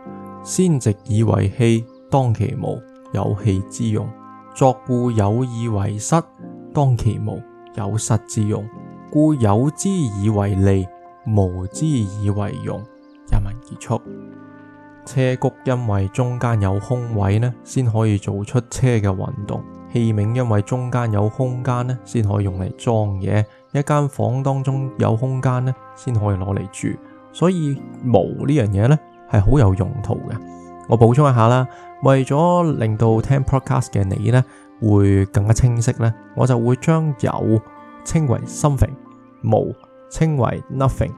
埏埴以為器，當其無，有器之用；鑿戶牖以為室，當其無，有室之用。故有之以為利，無之以為用。日文結束。車谷因為中間有空位咧，先可以做出車嘅運動；器皿因為中間有空間咧，先可以用嚟裝嘢；一間房當中有空間咧，先可以攞嚟住。所以無呢樣嘢咧，係好有用途嘅。我補充一下啦，為咗令到聽 podcast 嘅你咧會更加清晰咧，我就會將有稱為 something，無稱為 nothing。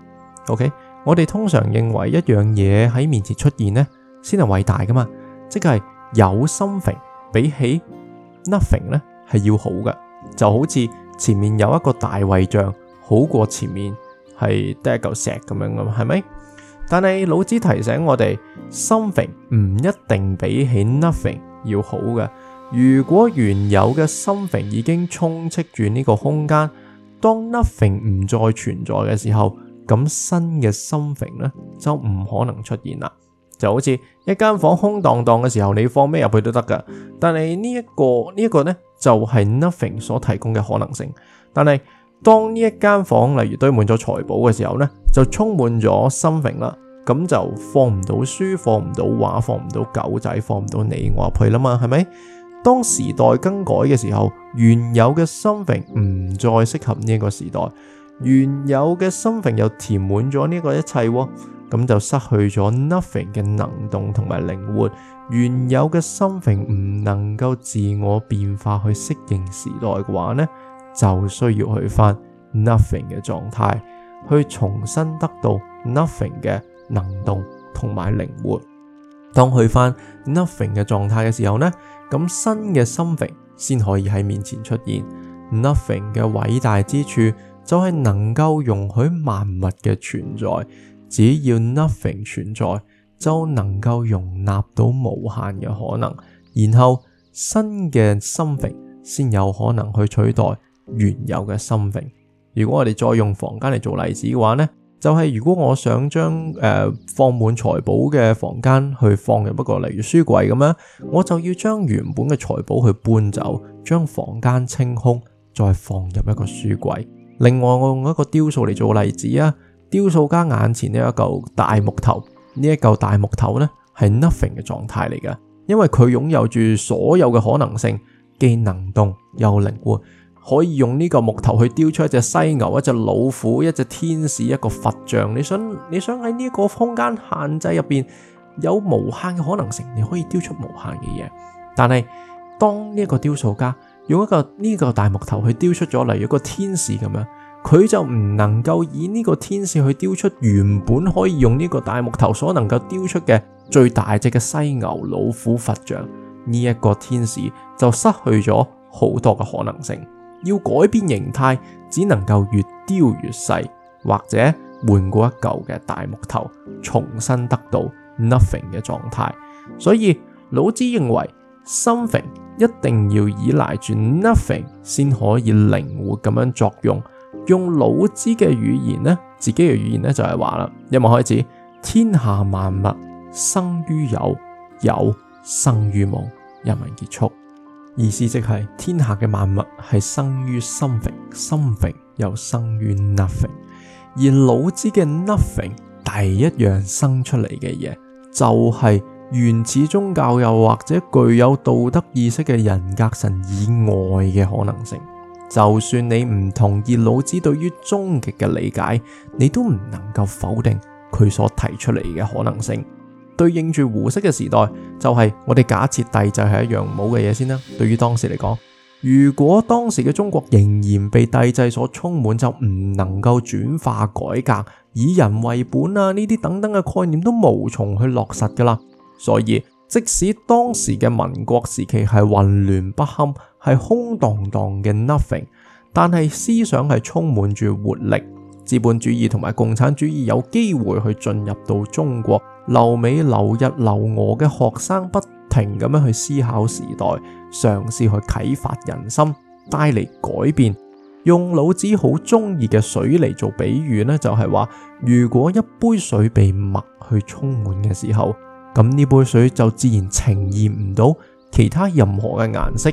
OK？我哋通常認為一樣嘢喺面前出現咧，先係偉大噶嘛，即係有心 o 比起 nothing 咧係要好嘅，就好似前面有一個大胃像，好過前面係得一嚿石咁樣咁，係咪？但係老子提醒我哋心 o 唔一定比起 nothing 要好嘅。如果原有嘅心 o 已經充斥住呢個空間，當 nothing 唔再存在嘅時候，咁新嘅 something 咧，就唔可能出現啦，就好似一間房間空蕩蕩嘅時候，你放咩入去都得噶。但係呢一個呢一，這個呢，就係、是、nothing 所提供嘅可能性。但係當呢一間房間例如堆滿咗財寶嘅時候呢，就充滿咗 something 啦，咁就放唔到書，放唔到畫，放唔到狗仔，放唔到你我佢啦嘛，係咪？當時代更改嘅時候，原有嘅 something 唔再適合呢一個時代。原有嘅心 o 又填滿咗呢個一切，哦，咁就失去咗 nothing 嘅能動同埋靈活。原有嘅心 o 唔能夠自我變化去適應時代嘅話呢，就需要去翻 nothing 嘅狀態，去重新得到 nothing 嘅能動同埋靈活。當去翻 nothing 嘅狀態嘅時候呢，咁新嘅心 o 先可以喺面前出現。 nothing 嘅偉大之處。就係能夠容許萬物嘅存在，只要 nothing 存在就能夠容納到無限嘅可能，然後新嘅 something 先有可能去取代原有嘅 something。如果我哋再用房間嚟做例子嘅話呢，呢就係、是，如果我想將誒、呃、放滿財寶嘅房間去放入一個例如書櫃咁樣，我就要將原本嘅財寶去搬走，將房間清空，再放入一個書櫃。另外，我用一個雕塑嚟做例子啊！雕塑家眼前呢一嚿大木頭，呢一嚿大木頭呢係 nothing 嘅狀態嚟㗎，因為佢擁有住所有嘅可能性，既能動又靈活，可以用呢個木頭去雕出一隻犀牛、一隻老虎、一隻天使、一個佛像。你想，你想喺呢個空間限制入面有無限嘅可能性，你可以雕出無限嘅嘢。但係當呢一個雕塑家，用一個呢個大木頭去雕出咗嚟，一個天使咁樣，佢就唔能夠以呢個天使去雕出原本可以用呢個大木頭所能夠雕出嘅最大隻嘅犀牛、老虎、佛像。呢一個天使就失去咗好多嘅可能性。要改變形態，只能夠越雕越細，或者換過一舊嘅大木頭，重新得到 nothing 嘅狀態。所以老子認為 something 一定要依賴住 nothing 先可以靈活咁樣作用，用老子嘅語言咧，自己嘅語言咧就係話啦，一文開始，天下萬物生於有，有生於無，一文結束，意思即、就、係、是、天下嘅萬物係生於心 o 心 e 又生於 nothing，而老子嘅 nothing 第一樣生出嚟嘅嘢就係、是。原始宗教又或者具有道德意識嘅人格神以外嘅可能性，就算你唔同意老子對於終極嘅理解，你都唔能夠否定佢所提出嚟嘅可能性。對應住胡適嘅時代，就係我哋假設帝制係一樣冇嘅嘢先啦。對於當時嚟講，如果當時嘅中國仍然被帝制所充滿，就唔能夠轉化改革，以人為本啊，呢啲等等嘅概念都無從去落實㗎喇。所以，即使當時嘅民國時期係混亂不堪、係空蕩蕩嘅 nothing，但係思想係充滿住活力，資本主義同埋共產主義有機會去進入到中國，留美、留日、留俄嘅學生不停咁樣去思考時代，嘗試去啟發人心，帶嚟改變，用老子好中意嘅水嚟做比喻咧，就係話，如果一杯水被墨去充滿嘅時候，咁呢杯水就自然呈現唔到其他任何嘅顏色。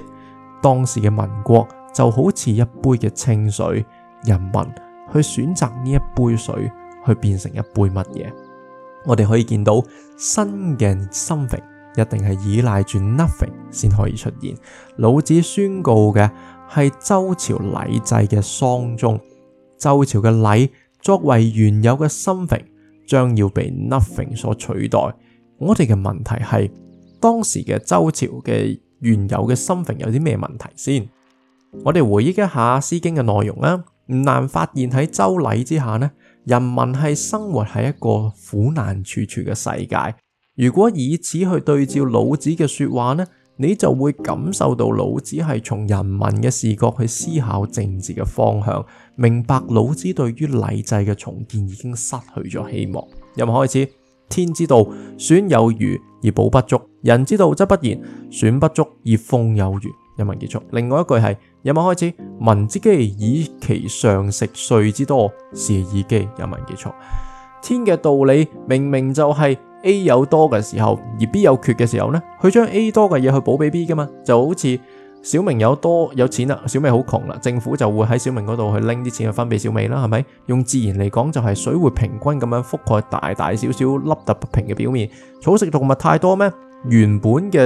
當時嘅民國就好似一杯嘅清水，人民去選擇呢一杯水去變成一杯乜嘢。我哋可以見到新嘅 something 一定係依賴住 nothing 先可以出現。老子宣告嘅係周朝禮制嘅喪鐘，周朝嘅禮作為原有嘅 something，將要被 nothing 所取代。我哋嘅問題係當時嘅周朝嘅原有嘅心城有啲咩問題先？我哋回憶一下《詩經》嘅內容啦，唔難發現喺周禮之下呢，人民係生活喺一個苦難處處嘅世界。如果以此去對照老子嘅說話呢，你就會感受到老子係從人民嘅視角去思考政治嘅方向，明白老子對於禮制嘅重建已經失去咗希望。有冇開始？天之道，損有餘而補不足；人之道則不然，損不足而奉有餘。引文結束。另外一句係：引文開始，民之飢以其上食稅之多，是以飢。引文結束。天嘅道理明明就係 A 有多嘅時候，而 B 有缺嘅時候呢，佢將 A 多嘅嘢去補俾 B 㗎嘛。就好似小明有多有錢啦，小美好窮啦，政府就會喺小明嗰度去拎啲錢去分俾小美啦，係咪？用自然嚟講，就係水會平均咁樣覆蓋大大小小凹凸不平嘅表面。草食動物太多咩？原本嘅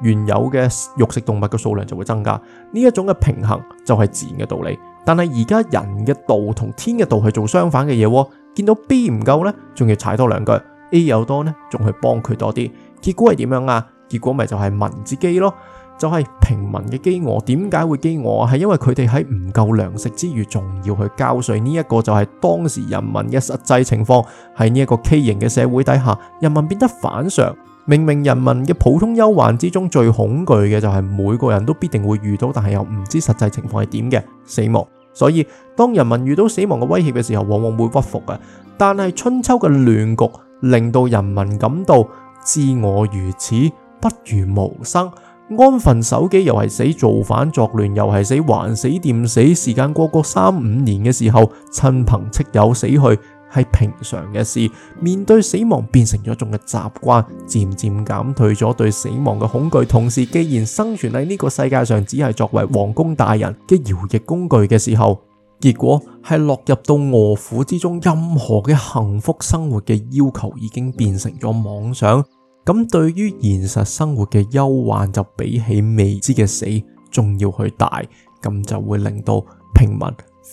原有嘅肉食動物嘅數量就會增加。呢一種嘅平衡就係自然嘅道理。但係而家人嘅道同天嘅道去做相反嘅嘢，見到 B 唔夠呢，仲要踩多兩腳；A 有多呢，仲去幫佢多啲。結果係點樣啊？結果咪就係民之饑咯。就係平民嘅饑餓，點解會饑餓啊？係因為佢哋喺唔夠糧食之餘，仲要去交稅。呢一個就係當時人民嘅實際情況。喺呢一個畸形嘅社會底下，人民變得反常。明明人民嘅普通憂患之中，最恐懼嘅就係每個人都必定會遇到，但係又唔知實際情況係點嘅死亡。所以當人民遇到死亡嘅威脅嘅時候，往往會屈服嘅。但係春秋嘅亂局，令到人民感到知我如此，不如無生。安分守己又係死，造反作亂又係死，橫死掂死。時間過過三五年嘅時候，親朋戚友死去係平常嘅事，面對死亡變成咗一種嘅習慣，漸漸減退咗對死亡嘅恐懼。同時，既然生存喺呢個世界上，只係作為皇宮大人嘅徭役工具嘅時候，結果係落入到餓苦之中，任何嘅幸福生活嘅要求已經變成咗妄想。咁對於現實生活嘅憂患就比起未知嘅死仲要去大，咁就會令到平民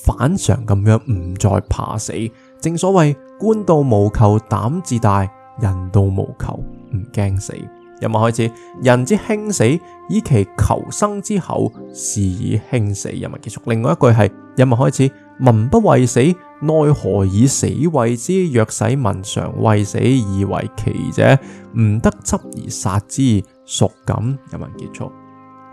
反常咁樣唔再怕死。正所謂官到無求膽自大，人到無求唔驚死。今日文開始，人之輕死，以其求生之厚，是以輕死。今日文結束。另外一句係，今日文開始，民不畏死。奈何以死為之？若使民常畏死，而為奇者，唔得執而殺之。孰敢。引文結束。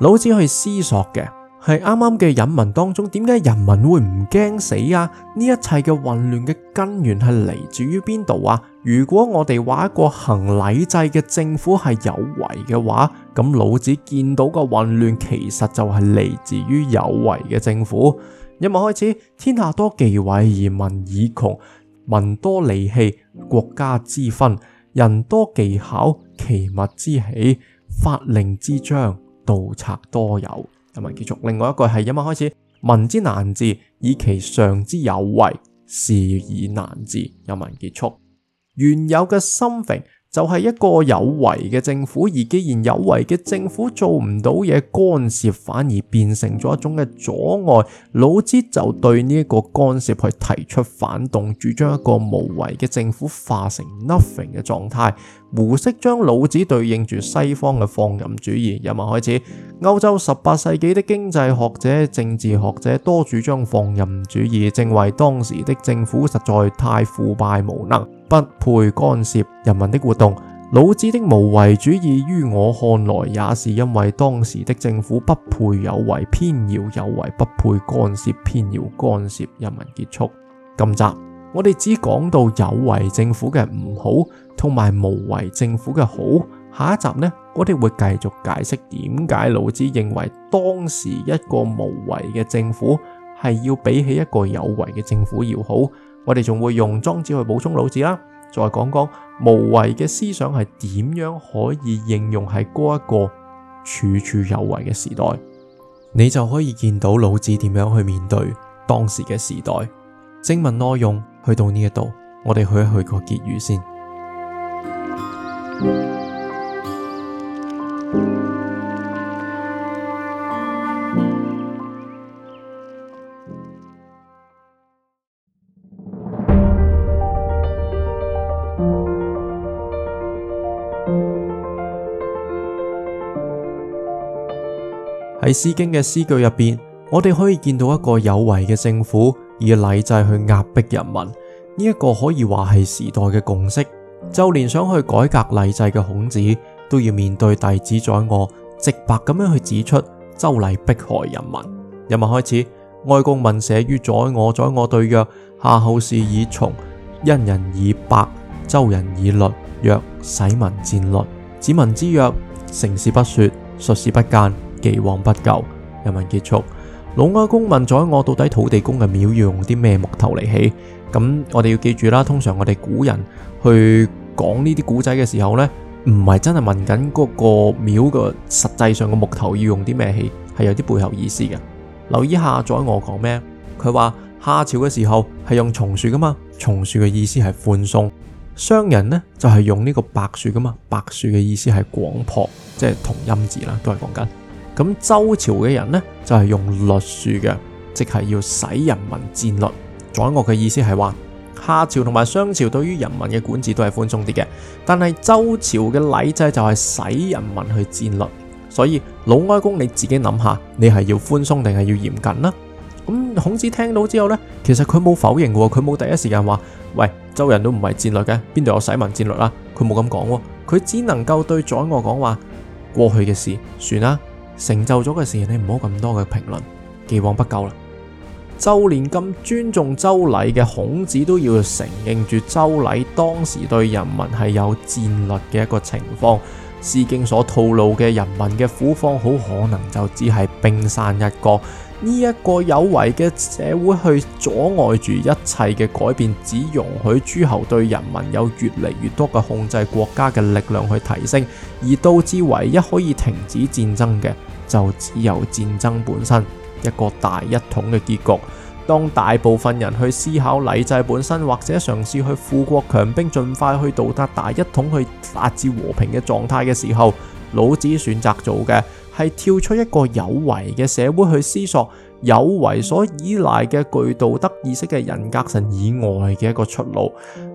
老子去思索嘅，係啱啱嘅引文當中，點解人民會唔驚死啊？呢一切嘅混亂嘅根源係嚟自於邊度啊？如果我哋話一個行禮制嘅政府係有為嘅話，咁老子見到嘅混亂，其實就係嚟自於有為嘅政府。一文開始，天下多忌諱而民以窮，民多利器，國家之分；人多技巧，其物之起，法令之章，盜賊多有。一文結束。另外一句係一文開始，民之難治，以其上之有為，是以難治。一文結束。原有嘅心就係一個有為嘅政府，而既然有為嘅政府做唔到嘢、干涉，反而變成咗一種嘅阻礙。老子就對呢一個干涉去提出反動，主張一個無為嘅政府化成 nothing 嘅狀態。胡適將老子對應住西方嘅放任主義，人民開始，歐洲十八世紀的經濟學者、政治學者多主張放任主義，正為當時的政府實在太腐敗無能，不配干涉人民的活動。老子的無為主義於我看來，也是因為當時的政府不配有為，偏要有為，不配干涉，偏要干涉。人民結束。今集我哋只講到有為政府嘅唔好。同埋無為政府嘅好。下一集呢，我哋會繼續解釋點解老子認為當時一個無為嘅政府係要比起一個有為嘅政府要好。我哋仲會用莊子去補充老子啦，再講講無為嘅思想係點樣可以應用喺嗰一個處處有為嘅時代，你就可以見到老子點樣去面對當時嘅時代。正文內容去到呢一度，我哋去一去個結語先。喺《詩經》嘅詩句入邊，我哋可以見到一個有為嘅政府，以禮制去壓迫人民，呢一個可以話係時代嘅共識。就連想去改革禮制嘅孔子，都要面對弟子宰我，直白咁樣去指出周禮迫害人民。人民開始，哀公問社於宰我，宰我對曰：夏后氏以松，殷人以柏，周人以栗，曰：使民戰慄。子聞之曰：成事不說，遂事不諫，既往不咎。人民結束，魯哀公問宰我到底土地公嘅廟要用啲咩木頭嚟起？咁我哋要記住啦，通常我哋古人去講呢啲古仔嘅時候呢，唔係真係問緊嗰個廟個實際上個木頭要用啲咩器，係有啲背後意思嘅。留意下宰我講咩，佢話夏朝嘅時候係用松樹噶嘛，松樹嘅意思係寬鬆；商人呢就係、是、用呢個柏樹噶嘛，柏樹嘅意思係廣博，即、就、係、是、同音字啦，都係講緊。咁周朝嘅人呢就係、是、用栗樹嘅，即係要使人民戰慄。宰我嘅意思係話。夏朝同埋商朝對於人民嘅管治都係寬鬆啲嘅，但係周朝嘅禮制就係使人民去戰慄。所以魯哀公你自己諗下，你係要寬鬆定係要嚴謹啦？咁、嗯、孔子聽到之後呢，其實佢冇否認嘅，佢冇第一時間話，喂，周人都唔係戰慄嘅，邊度有使民戰慄啊？佢冇咁講，佢只能夠對宰我講，話過去嘅事算啦，成就咗嘅事你唔好咁多嘅評論，既往不咎啦。就連咁尊重周禮嘅孔子都要承認住周禮當時對人民係有戰略嘅一個情況，詩經所透露嘅人民嘅苦況，好可能就只係冰山一角。呢一個有為嘅社會去阻礙住一切嘅改變，只容許諸侯對人民有越嚟越多嘅控制，國家嘅力量去提升，而導致唯一可以停止戰爭嘅，就只有戰爭本身。一個大一統嘅結局，當大部分人去思考禮制本身，或者嘗試去富國強兵，盡快去到達大一統去達至和平嘅狀態嘅時候，老子選擇做嘅係跳出一個有為嘅社會去思索，有為所依賴嘅具道德意識嘅人格神以外嘅一個出路。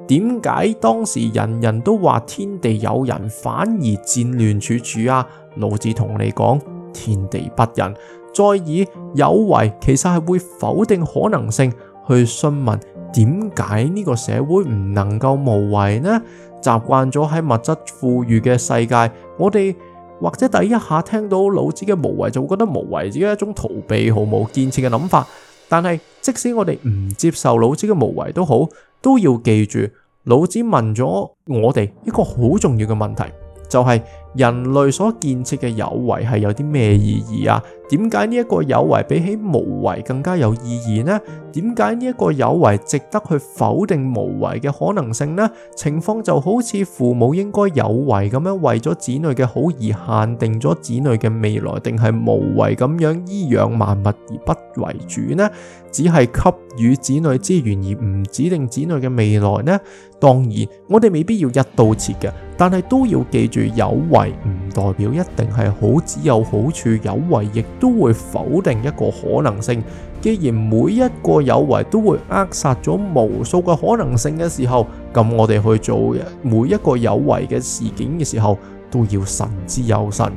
點解當時人人都話天地有仁，反而戰亂處處啊？老子同你講，天地不仁。再以有為，其實係會否定可能性，去詢問點解呢個社會唔能夠無為呢？習慣咗喺物質富裕嘅世界，我哋或者第一下聽到老子嘅無為，就會覺得無為只係一種逃避毫無建設嘅諗法。但係即使我哋唔接受老子嘅無為都好，都要記住，老子問咗我哋一個好重要嘅問題，就係、是。人類所建設嘅有為係有啲咩意義啊？點解呢一個有為比起無為更加有意義呢？點解呢一個有為值得去否定無為嘅可能性呢？情況就好似父母應該有為咁樣為咗子女嘅好而限定咗子女嘅未來，定係無為咁樣衣養萬物而不為主呢？只係給予子女資源而唔指定子女嘅未來呢？當然，我哋未必要一刀切嘅。但係都要記住，有為唔代表一定係好，只有好處。有為亦都會否定一個可能性。既然每一個有為都會扼殺咗無數個可能性嘅時候，咁我哋去做每一個有為嘅事件嘅時候，都要慎之又慎。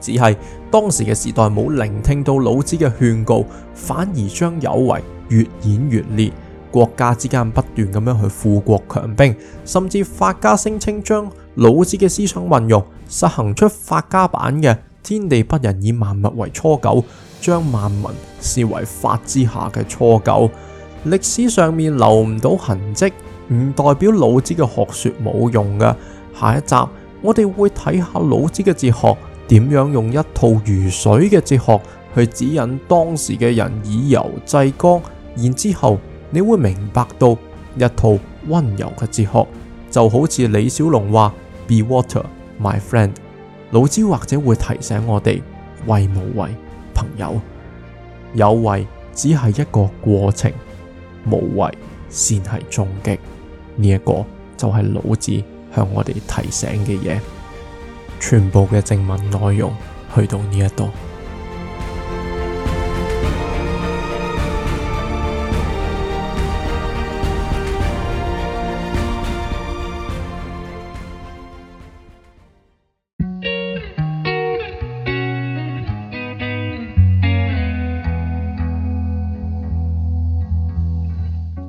只係當時嘅時代冇聆聽到老子嘅勸告，反而將有為越演越烈，國家之間不斷咁樣去富國強兵，甚至法家聲稱將。老子嘅思想運用，實行出法家版嘅天地不仁，以萬物為芻狗，將萬民視為法之下嘅芻狗。歷史上面留唔到痕跡，唔代表老子嘅學說冇用㗎。下一集我哋會睇下老子嘅哲學點樣用一套如水嘅哲學去指引當時嘅人以柔制剛，然之後你會明白到一套温柔嘅哲學就好似李小龍話。Be water, my friend。老子或者會提醒我哋為無為朋友有為，只係一個過程，無為先係終極。呢、這、一個就係老子向我哋提醒嘅嘢。全部嘅正文內容去到呢一度。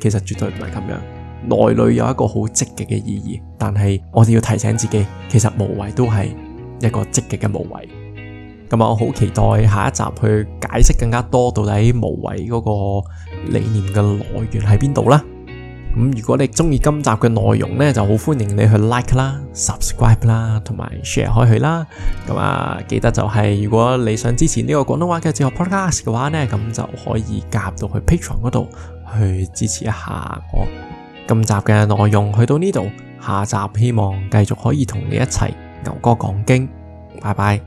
其實絕對唔係咁樣，內裏有一個好積極嘅意義，但係我哋要提醒自己，其實無為都係一個積極嘅無為。咁啊，我好期待下一集去解釋更加多到底無為嗰個理念嘅來源喺邊度啦。咁如果你中意今集嘅內容呢，就好歡迎你去 like 啦、subscribe 啦，同埋 share 開去啦。咁啊，記得就係、是、如果你想支持呢個廣東話嘅哲學 podcast 嘅話呢，咁就可以加入到去 Patreon 嗰度。去支持一下我今集嘅內容，去到呢度，下集希望繼續可以同你一齊牛哥講經，拜拜。